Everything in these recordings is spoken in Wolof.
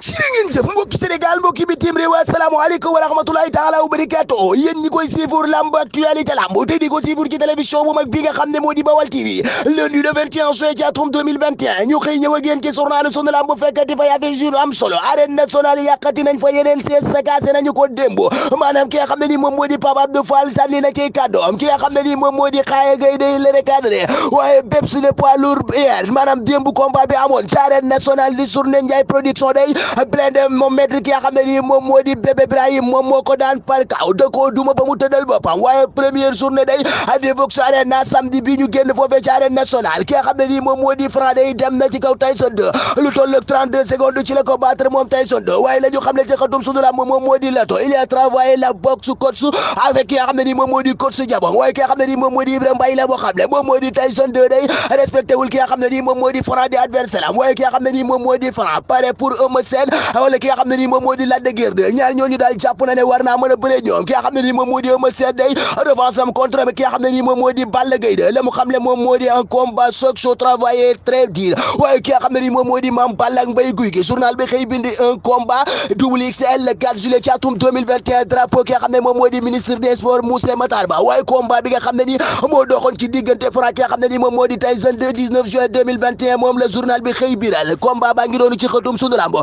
ci ngeen jëf mbokki Sénégal mbokki bitim réew asalaamaaleykum wa rahmatulahi taala wa barakaatu yéen ñi koy suivre lamb actualité lamb te di ko suivre ci télévision bu mag bi nga xam ne moo di Bawal TV lundi le 21 juin ci atum 2021 ñu xëy ñëw ak ci journal sunu lamb fekkati fa affaire yu am solo arène nationale yàqati nañ fa yeneen sees sakaase nañu ko démb maanaam ki nga xam ne ni moom moo di Pape Abdou Fall sànni na ci moom moo maanaam démb combat bi amoon ci arène nationale di blende moom maître ki nga xam ne nii moom moo di bébé Ibrahim moom moo ko daan par kaw da koo duma ba mu tëddal boppam waaye première journée day ade vox arena samedi bi ñu génn foofee ci arène nationale ki nga xam ne nii moom moo di Franc day dem na ci kaw Tyson 2 lu toll ak 32 secondes ci la ko battre moom Tyson 2 waaye la ñu xam ne ci xatum sunu lamb moom moo di lato il a travaillé la boxe coach avec ki nga xam ne nii moom moo di coach Jabon waaye ki nga xam ne nii moom moo di Ibrahima Mbaye la boo xam ne moom moo di Tyson 2 day respecté wul ki nga xam ne nii moom moo di Franc di adversaire am waaye ki nga xam ne nii moom moo di Franc pare pour ëmb seen wala ki xam ne nii moom moo di Lac de Guiers 2 ñaar daal jàpp ne war naa mën a bëre xam ne nii moom moo di Eumeu day revanche am contre xam ne nii moom moo di Balla Gaye 2 la mu xam ne moom moo di un combat soog moo di Mame Balla ak Mbaye Gouye xam ne moom moo di ministre des sports Moussa Matar xam ne nii moo doxoon ci diggante Franc ki xam ne nii moom moo di Tyson 2 19 juin 2021 moom la journal bi xëy biral combat baa ngi doonu ci xëtum sunu lambo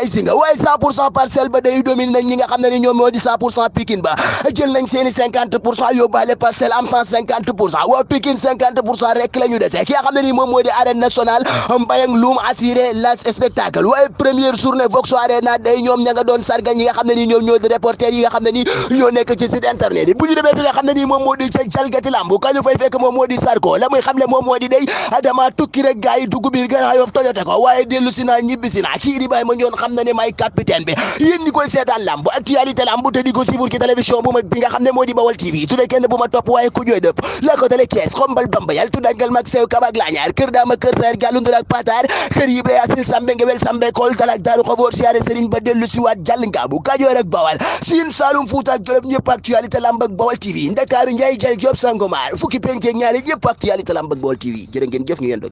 day si waaye cent parcelle ba day domine nañ ñi xam ne ni ñoom moo di pour cent Pikine ba jël nañ seeni 50 pour cent yóbbaale parcelle am 150 pour cent waa Pikine 50 pour cent rek la dese ki nga xam ne ni moom moo di arène nationale mbayang luum assuré tojote ko waaye dellu si naa ñibbi si naa kii di bàyyi ma ñoon xam na ne may capitaine bi yéen ñi koy seetaan lamb actualité lamb te di ko suivre ci télévision bu ma bi nga xam ne moo di Baol TV tudde kenn bu ma topp waaye ku jooy dëpp la ko tale kees xombal bamba yàlla tuddangal mag sew kabak laañaar kër daama kër sayar gàllundur ak patar kër yibra yasil sambe ngewel sambe kool dalak daaru xaboor siyaare sëriñ ba dellu si waat jàll ngaabu kajoor ak bawal siin saalum fuuta ak jolof ñëpp actualité lamb ak Baol TV ndakaaru njaay jël job sangomar fukki penkeeg ñaari ñëpp actualité lamb ak Baol TV jërë ngeen jëf ñu yendoo